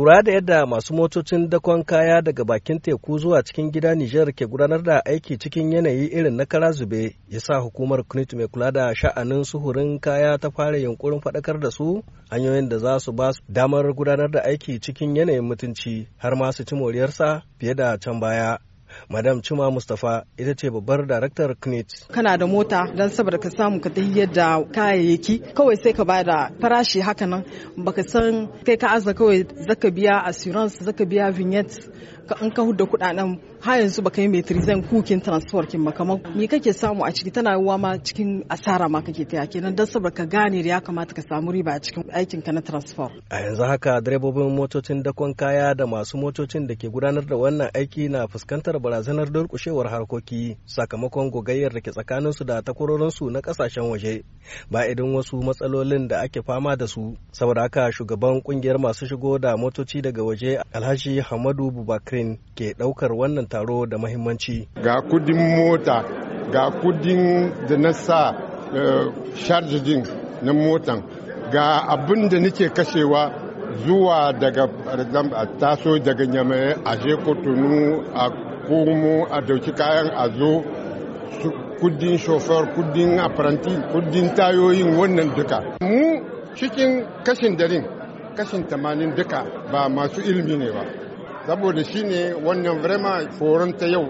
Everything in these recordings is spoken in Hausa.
Lura da yadda masu motocin dakon kaya daga bakin teku zuwa cikin gida Nijar ke gudanar da aiki cikin yanayi irin na kara zube ya sa hukumar Kunit mai kula da sha'anin suhurin kaya ta fara yunkurin faɗakar da su hanyoyin da za su ba su damar gudanar da aiki cikin yanayin mutunci har ma su ci moriyarsa fiye da can baya. madam cima mustapha ita ce babbar daraktar knit kana da mota don saboda ka samu ka tahiyar da kayayyaki kawai sai ka bada farashi haka nan baka san kai ka aza kawai zaka biya assurance zaka biya vignette an ka da kuɗaɗen har yanzu baka yi zan kukin transfer kin ba kamar me kake samu a ciki tana yawa ma cikin asara ma kake taya kenan dan saboda ka gane da ya kamata ka samu riba a cikin aikin ka na transfer a yanzu haka direbobin motocin dakon kaya da masu motocin da ke gudanar da wannan aiki na fuskantar barazanar durkushewar harkoki sakamakon gogayyar da ke tsakanin su da takwarorin su na kasashen waje ba idan wasu matsalolin da ake fama da su saboda haka shugaban kungiyar masu shigo da motoci daga waje Alhaji Hamadu Bubakar Jibrin ke ɗaukar wannan taro da mahimmanci. Ga kudin mota, ga kudin da na sa sharjijin eh, na motan, ga abin da nake kashewa zuwa daga taso daga nyamai a je kotunu a komo a dauki kayan a zo kudin shofar kudin apranti kudin tayoyin wannan duka mu cikin kashin darin kashin tamanin duka ba masu ilimi ne ba saboda shi ne wannan vrema horon ta yau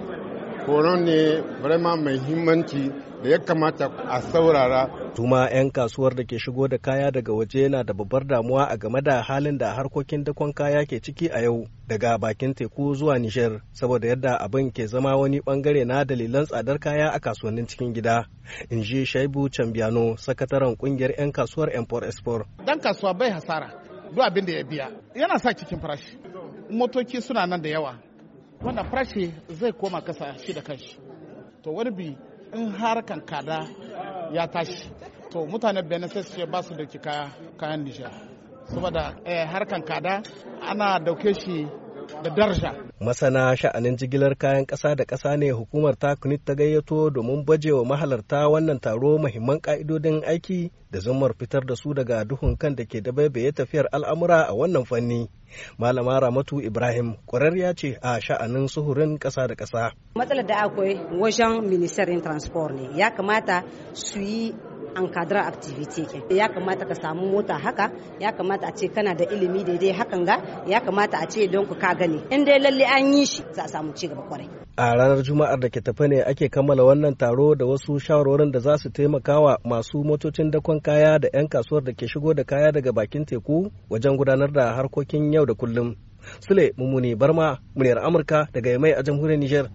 horon ne vrema mai himmanci da ya kamata a saurara tuma 'yan kasuwar da ke shigo da kaya daga waje yana da babbar damuwa a game da halin da harkokin dakon kaya ke ciki a yau daga bakin teku zuwa Nijar. saboda yadda abin ke zama wani bangare na dalilan tsadar kaya a kasuwannin cikin gida in ji shaibu cambiano sakataren kungiyar 'yan kasuwar import export dan kasuwa bai hasara duk abin da ya biya yana sa cikin farashi motoci suna nan da yawa wanda farashi zai koma kasa shi da kanshi to wani bi in harkan kada ya tashi to mutane bene sai su ce ba su dauki kayan nijar saboda eh, har kada ana dauke shi da darja. Masana sha'anin jigilar kayan ƙasa da ƙasa ne hukumar ta kunit ta gayyato domin baje wa mahalarta wannan taro mahimman ƙa'idodin aiki da zumar fitar da su daga duhun kan da ke dabaibaye tafiyar al'amura a wannan fanni. Malama Ramatu Ibrahim ya ce a sha'anin suhurin ƙasa da ƙasa. Matsalar da akwai wajen ministerin transport ne ya kamata su yi an kadara activity ke ya kamata ka samu mota haka ya kamata a ce kana da ilimi daidai hakan ga ya kamata a ce don ku ka gani in dai lalle an yi shi za a samu ci gaba kwarai a ranar juma'ar da ke tafe ne ake kammala wannan taro da wasu shawarwarin da za su taimaka wa masu motocin dakon kaya da 'yan kasuwar da ke shigo da kaya daga bakin teku wajen gudanar da harkokin yau da kullum sule mummuni barma muryar amurka daga mai a jamhuriyar niger